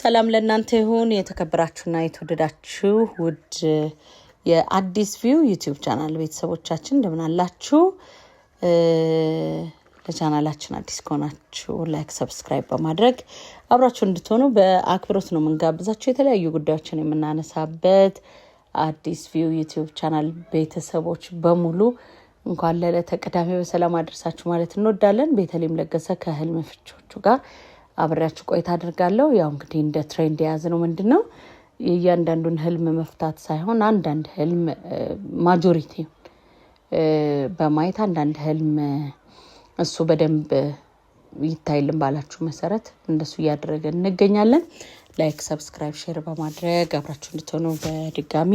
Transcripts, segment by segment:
ሰላም ለእናንተ ይሁን። የተከበራችሁና የተወደዳችሁ ውድ የአዲስ ቪው ዩቲዩብ ቻናል ቤተሰቦቻችን እንደምን አላችሁ? ለቻናላችን አዲስ ከሆናችሁ ላይክ፣ ሰብስክራይብ በማድረግ አብራችሁ እንድትሆኑ በአክብሮት ነው የምንጋብዛችሁ። የተለያዩ ጉዳዮችን የምናነሳበት አዲስ ቪው ዩቲዩብ ቻናል ቤተሰቦች በሙሉ እንኳን ለዕለተ ቅዳሜ በሰላም አደረሳችሁ ማለት እንወዳለን። ቤተልሔም ለገሰ ከህልም ፍቾቹ ጋር አብሬያችሁ ቆይታ አድርጋለሁ። ያው እንግዲህ እንደ ትሬንድ የያዝ ነው ምንድን ነው የእያንዳንዱን ህልም መፍታት ሳይሆን አንዳንድ ህልም ማጆሪቲ በማየት አንዳንድ ህልም እሱ በደንብ ይታይልን ባላችሁ መሰረት እንደሱ እያደረገን እንገኛለን። ላይክ፣ ሰብስክራይብ፣ ሼር በማድረግ አብራችሁ እንድትሆኑ በድጋሚ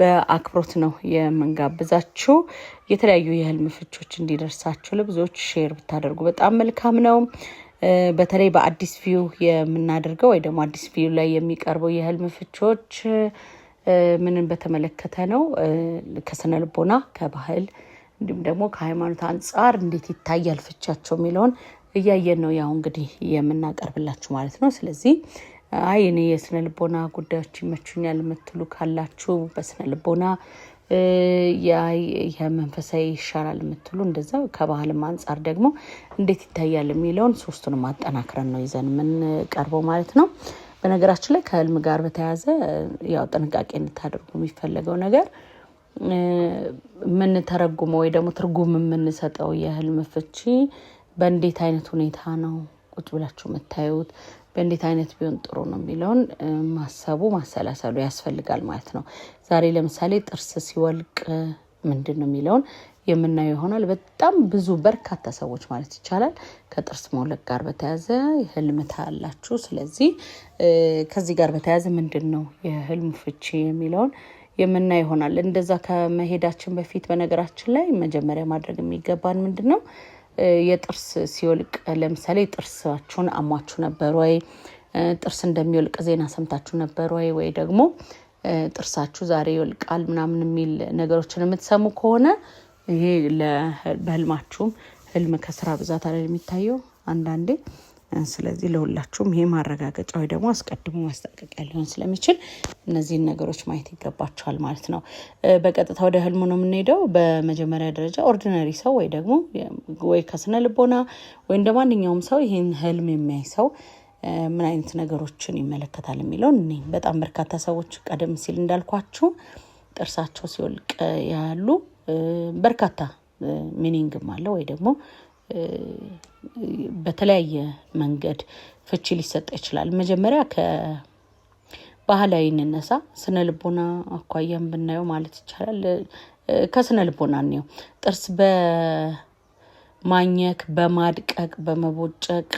በአክብሮት ነው የምንጋብዛችሁ። የተለያዩ የህልም ፍቾች እንዲደርሳችሁ ለብዙዎች ሼር ብታደርጉ በጣም መልካም ነው። በተለይ በአዲስ ቪው የምናደርገው ወይ ደግሞ አዲስ ቪው ላይ የሚቀርበው የህልም ፍቾች ምንን በተመለከተ ነው? ከስነ ልቦና፣ ከባህል እንዲሁም ደግሞ ከሃይማኖት አንጻር እንዴት ይታያል ፍቻቸው የሚለውን እያየን ነው ያው እንግዲህ የምናቀርብላችሁ ማለት ነው። ስለዚህ አይ እኔ የስነ ልቦና ጉዳዮች ይመቹኛል የምትሉ ካላችሁ በስነ ልቦና የመንፈሳዊ ይሻላል የምትሉ እንደዛ ከባህልም አንጻር ደግሞ እንዴት ይታያል የሚለውን ሶስቱንም አጠናክረን ነው ይዘን የምንቀርበው ማለት ነው። በነገራችን ላይ ከህልም ጋር በተያያዘ ያው ጥንቃቄ እንድታደርጉ የሚፈለገው ነገር የምንተረጉመው ወይ ደግሞ ትርጉም የምንሰጠው የህልም ፍቺ በእንዴት አይነት ሁኔታ ነው ቁጭ ብላችሁ የምታዩት በእንዴት አይነት ቢሆን ጥሩ ነው የሚለውን ማሰቡ ማሰላሰሉ ያስፈልጋል ማለት ነው። ዛሬ ለምሳሌ ጥርስ ሲወልቅ ምንድን ነው የሚለውን የምናየው ይሆናል። በጣም ብዙ በርካታ ሰዎች ማለት ይቻላል ከጥርስ መውለቅ ጋር በተያያዘ ህልምታ አላችሁ። ስለዚህ ከዚህ ጋር በተያያዘ ምንድን ነው የህልም ፍቺ የሚለውን የምናየው ይሆናል። እንደዛ ከመሄዳችን በፊት በነገራችን ላይ መጀመሪያ ማድረግ የሚገባን ምንድን ነው የጥርስ ሲወልቅ ለምሳሌ ጥርሳችሁን አሟችሁ ነበር ወይ? ጥርስ እንደሚወልቅ ዜና ሰምታችሁ ነበር ወይ? ወይ ደግሞ ጥርሳችሁ ዛሬ ይወልቃል ምናምን የሚል ነገሮችን የምትሰሙ ከሆነ ይሄ በህልማችሁም ህልም ከስራ ብዛት አለ የሚታየው አንዳንዴ ስለዚህ ለሁላችሁም ይሄ ማረጋገጫ ወይ ደግሞ አስቀድሞ ማስጠንቀቂያ ሊሆን ስለሚችል እነዚህን ነገሮች ማየት ይገባቸዋል ማለት ነው። በቀጥታ ወደ ህልሙ ነው የምንሄደው። በመጀመሪያ ደረጃ ኦርዲነሪ ሰው ወይ ደግሞ ወይ ከስነ ልቦና ወይ እንደ ማንኛውም ሰው ይህን ህልም የሚያይ ሰው ምን አይነት ነገሮችን ይመለከታል የሚለው እኔ በጣም በርካታ ሰዎች ቀደም ሲል እንዳልኳችሁ ጥርሳቸው ሲወልቅ ያሉ በርካታ ሚኒንግም አለ ወይ ደግሞ በተለያየ መንገድ ፍቺ ሊሰጥ ይችላል። መጀመሪያ ከባህላዊ እንነሳ። ስነ ልቦና አኳያም ብናየው ማለት ይቻላል። ከስነ ልቦና እንየው ጥርስ በ ማኘክ፣ በማድቀቅ፣ በመቦጨቅ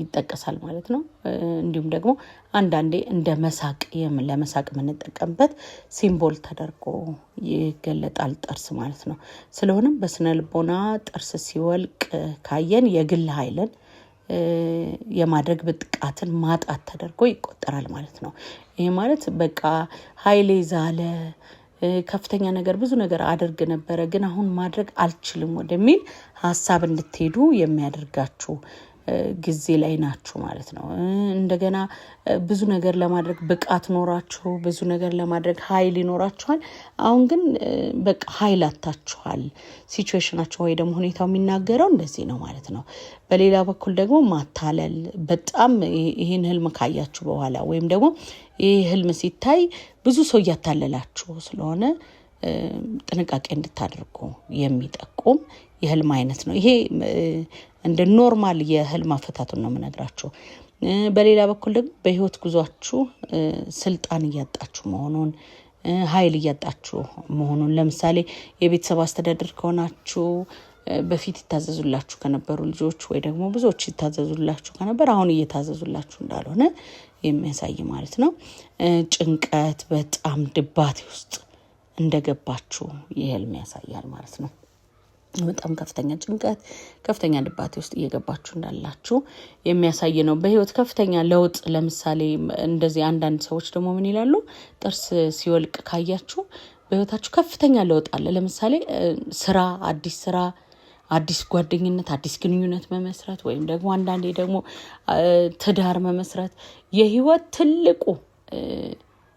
ይጠቀሳል ማለት ነው። እንዲሁም ደግሞ አንዳንዴ እንደ መሳቅ ለመሳቅ የምንጠቀምበት ሲምቦል ተደርጎ ይገለጣል ጥርስ ማለት ነው። ስለሆነም በስነ ልቦና ጥርስ ሲወልቅ ካየን የግል ኃይልን የማድረግ ብቃትን ማጣት ተደርጎ ይቆጠራል ማለት ነው። ይህ ማለት በቃ ኃይሌ ዛለ ከፍተኛ ነገር ብዙ ነገር አድርግ ነበረ፣ ግን አሁን ማድረግ አልችልም ወደሚል ሀሳብ እንድትሄዱ የሚያደርጋችሁ ጊዜ ላይ ናችሁ ማለት ነው። እንደገና ብዙ ነገር ለማድረግ ብቃት ኖራችሁ ብዙ ነገር ለማድረግ ኃይል ይኖራችኋል። አሁን ግን በቃ ኃይል አታችኋል። ሲቹዌሽናችሁ ወይ ደግሞ ሁኔታው የሚናገረው እንደዚህ ነው ማለት ነው። በሌላ በኩል ደግሞ ማታለል በጣም ይህን ህልም ካያችሁ በኋላ ወይም ደግሞ ይህ ህልም ሲታይ ብዙ ሰው እያታለላችሁ ስለሆነ ጥንቃቄ እንድታደርጉ የሚጠቁም የህልም አይነት ነው ይሄ። እንደ ኖርማል የህልም አፈታቱን ነው የምነግራችሁ። በሌላ በኩል ደግሞ በህይወት ጉዟችሁ ስልጣን እያጣችሁ መሆኑን ኃይል እያጣችሁ መሆኑን ለምሳሌ የቤተሰብ አስተዳደር ከሆናችሁ በፊት ይታዘዙላችሁ ከነበሩ ልጆች ወይ ደግሞ ብዙዎች ይታዘዙላችሁ ከነበር አሁን እየታዘዙላችሁ እንዳልሆነ የሚያሳይ ማለት ነው። ጭንቀት፣ በጣም ድባቴ ውስጥ እንደገባችሁ ይህ ህልም ያሳያል ማለት ነው። በጣም ከፍተኛ ጭንቀት፣ ከፍተኛ ድባቴ ውስጥ እየገባችሁ እንዳላችሁ የሚያሳይ ነው። በህይወት ከፍተኛ ለውጥ ለምሳሌ እንደዚህ አንዳንድ ሰዎች ደግሞ ምን ይላሉ? ጥርስ ሲወልቅ ካያችሁ በህይወታችሁ ከፍተኛ ለውጥ አለ። ለምሳሌ ስራ፣ አዲስ ስራ፣ አዲስ ጓደኝነት፣ አዲስ ግንኙነት መመስረት ወይም ደግሞ አንዳንዴ ደግሞ ትዳር መመስረት የህይወት ትልቁ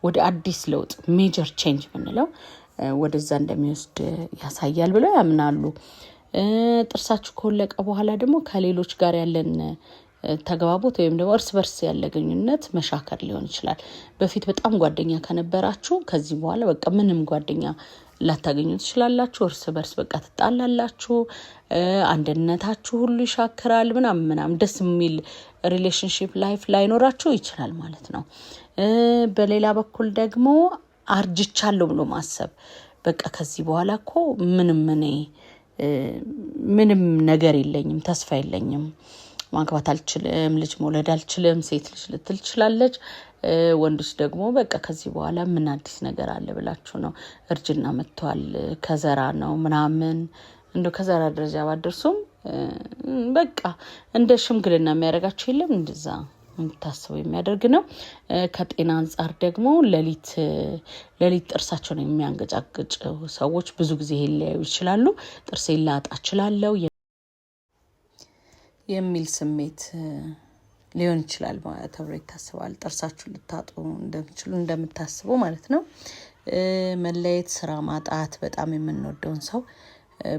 ወደ አዲስ ለውጥ ሜጀር ቼንጅ የምንለው ወደዛ እንደሚወስድ ያሳያል ብለው ያምናሉ። ጥርሳችሁ ከወለቀ በኋላ ደግሞ ከሌሎች ጋር ያለን ተግባቦት ወይም ደግሞ እርስ በርስ ያለ ግንኙነት መሻከር ሊሆን ይችላል። በፊት በጣም ጓደኛ ከነበራችሁ ከዚህ በኋላ በቃ ምንም ጓደኛ ላታገኙ ትችላላችሁ። እርስ በርስ በቃ ትጣላላችሁ። አንድነታችሁ ሁሉ ይሻክራል። ምናምን ምናምን ደስ የሚል ሪሌሽንሽፕ ላይፍ ላይኖራችሁ ይችላል ማለት ነው። በሌላ በኩል ደግሞ አርጅቻለሁ ብሎ ማሰብ በቃ ከዚህ በኋላ እኮ ምንም እኔ ምንም ነገር የለኝም፣ ተስፋ የለኝም፣ ማግባት አልችልም፣ ልጅ መውለድ አልችልም፣ ሴት ልጅ ልትል ትችላለች። ወንዶች ደግሞ በቃ ከዚህ በኋላ ምን አዲስ ነገር አለ ብላችሁ ነው። እርጅና መጥቷል፣ ከዘራ ነው ምናምን እንደ ከዘራ ደረጃ ባደርሱም በቃ እንደ ሽምግልና የሚያደርጋቸው የለም እንደዛ እንድታስበው የሚያደርግ ነው። ከጤና አንጻር ደግሞ ሌሊት ሌሊት ጥርሳቸውን የሚያንገጫግጭ ሰዎች ብዙ ጊዜ ሊያዩ ይችላሉ። ጥርሴ ላጣ እችላለሁ የሚል ስሜት ሊሆን ይችላል ተብሎ ይታስባል። ጥርሳችሁን ልታጡ እንደምችሉ እንደምታስቡ ማለት ነው። መለየት፣ ስራ ማጣት፣ በጣም የምንወደውን ሰው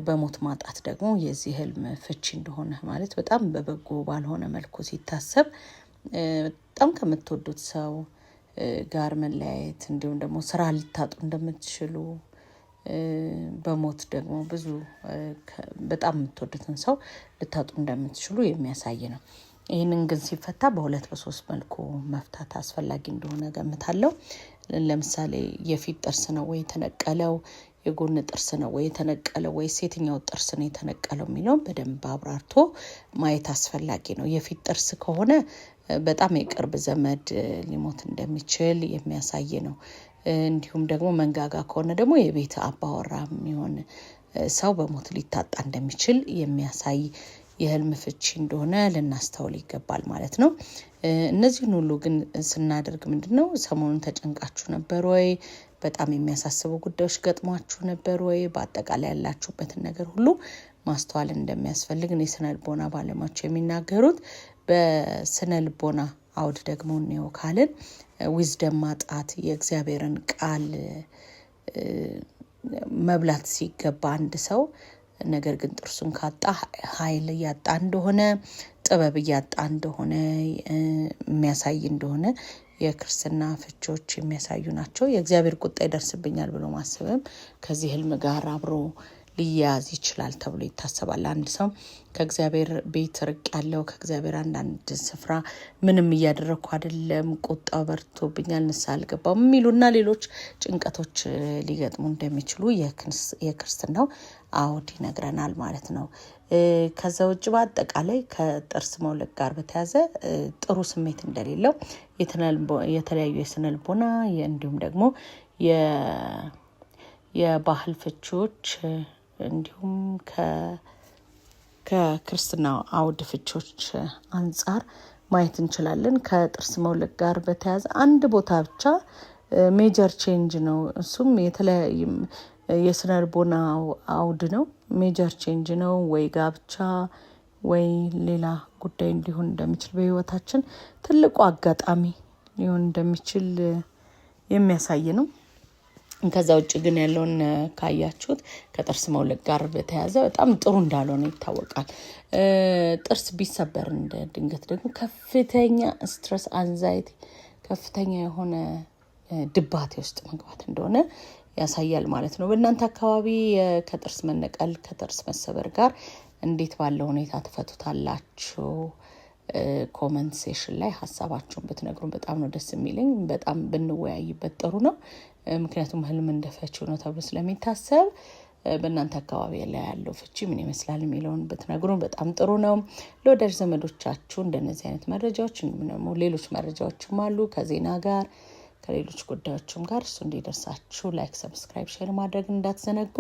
በሞት ማጣት ደግሞ የዚህ ህልም ፍቺ እንደሆነ ማለት በጣም በበጎ ባልሆነ መልኩ ሲታሰብ በጣም ከምትወዱት ሰው ጋር መለያየት እንዲሁም ደግሞ ስራ ልታጡ እንደምትችሉ በሞት ደግሞ ብዙ በጣም የምትወዱትን ሰው ልታጡ እንደምትችሉ የሚያሳይ ነው። ይህንን ግን ሲፈታ በሁለት በሶስት መልኩ መፍታት አስፈላጊ እንደሆነ ገምታለሁ። ለምሳሌ የፊት ጥርስ ነው ወይ የተነቀለው፣ የጎን ጥርስ ነው ወይ የተነቀለው፣ ወይስ የትኛው ጥርስ ነው የተነቀለው የሚለውን በደንብ አብራርቶ ማየት አስፈላጊ ነው። የፊት ጥርስ ከሆነ በጣም የቅርብ ዘመድ ሊሞት እንደሚችል የሚያሳይ ነው። እንዲሁም ደግሞ መንጋጋ ከሆነ ደግሞ የቤት አባወራ የሚሆን ሰው በሞት ሊታጣ እንደሚችል የሚያሳይ የህልም ፍቺ እንደሆነ ልናስተውል ይገባል ማለት ነው። እነዚህን ሁሉ ግን ስናደርግ ምንድን ነው ሰሞኑን ተጨንቃችሁ ነበር ወይ? በጣም የሚያሳስቡ ጉዳዮች ገጥሟችሁ ነበር ወይ? በአጠቃላይ ያላችሁበትን ነገር ሁሉ ማስተዋል እንደሚያስፈልግ ነው የስነ ባለሙያዎች የሚናገሩት። በስነ ልቦና አውድ ደግሞ እንየው ካልን ዊዝደም ማጣት የእግዚአብሔርን ቃል መብላት ሲገባ አንድ ሰው ነገር ግን ጥርሱን ካጣ ኃይል እያጣ እንደሆነ ጥበብ እያጣ እንደሆነ የሚያሳይ እንደሆነ የክርስትና ፍቾች የሚያሳዩ ናቸው። የእግዚአብሔር ቁጣ ይደርስብኛል ብሎ ማሰብም ከዚህ ህልም ጋር አብሮ ሊያያዝ ይችላል ተብሎ ይታሰባል። አንድ ሰው ከእግዚአብሔር ቤት ርቅ ያለው ከእግዚአብሔር አንዳንድ ስፍራ ምንም እያደረግኩ አይደለም፣ ቁጣ በርቶብኛል፣ ንስሐ አልገባም የሚሉና ሌሎች ጭንቀቶች ሊገጥሙ እንደሚችሉ የክርስትናው አውድ ይነግረናል ማለት ነው። ከዛ ውጭ በአጠቃላይ ከጥርስ መውለቅ ጋር በተያዘ ጥሩ ስሜት እንደሌለው የተለያዩ የስነልቦና እንዲሁም ደግሞ የባህል ፍቺዎች እንዲሁም ከክርስትና አውድ ፍቾች አንጻር ማየት እንችላለን። ከጥርስ መውለቅ ጋር በተያያዘ አንድ ቦታ ብቻ ሜጀር ቼንጅ ነው። እሱም የተለያዩ የስነ አውድ ነው። ሜጀር ቼንጅ ነው ወይ ጋብቻ ወይ ሌላ ጉዳይ እንዲሆን እንደሚችል በህይወታችን ትልቁ አጋጣሚ ሊሆን እንደሚችል የሚያሳይ ነው። ከዛ ውጭ ግን ያለውን ካያችሁት ከጥርስ መውለቅ ጋር በተያያዘ በጣም ጥሩ እንዳልሆነ ይታወቃል። ጥርስ ቢሰበር እንደ ድንገት ደግሞ ከፍተኛ ስትረስ፣ አንዛይቲ፣ ከፍተኛ የሆነ ድባቴ ውስጥ መግባት እንደሆነ ያሳያል ማለት ነው። በእናንተ አካባቢ ከጥርስ መነቀል ከጥርስ መሰበር ጋር እንዴት ባለ ሁኔታ ትፈቱታላችሁ? ኮመንት ሴሽን ላይ ሀሳባችሁን ብትነግሩን በጣም ነው ደስ የሚለኝ። በጣም ብንወያይበት ጥሩ ነው። ምክንያቱም ህልም እንደፈችው ነው ተብሎ ስለሚታሰብ በእናንተ አካባቢ ላይ ያለው ፍቺ ምን ይመስላል የሚለውን ብትነግሩን በጣም ጥሩ ነው። ለወዳጅ ዘመዶቻችሁ እንደነዚህ አይነት መረጃዎች ደግሞ ሌሎች መረጃዎችም አሉ ከዜና ጋር ከሌሎች ጉዳዮችም ጋር እሱ እንዲደርሳችሁ ላይክ፣ ሰብስክራይብ፣ ሼር ማድረግ እንዳትዘነጉ።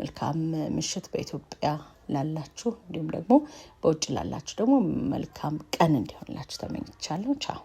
መልካም ምሽት በኢትዮጵያ ላላችሁ፣ እንዲሁም ደግሞ በውጭ ላላችሁ ደግሞ መልካም ቀን እንዲሆንላችሁ ተመኝቻለሁ። ቻው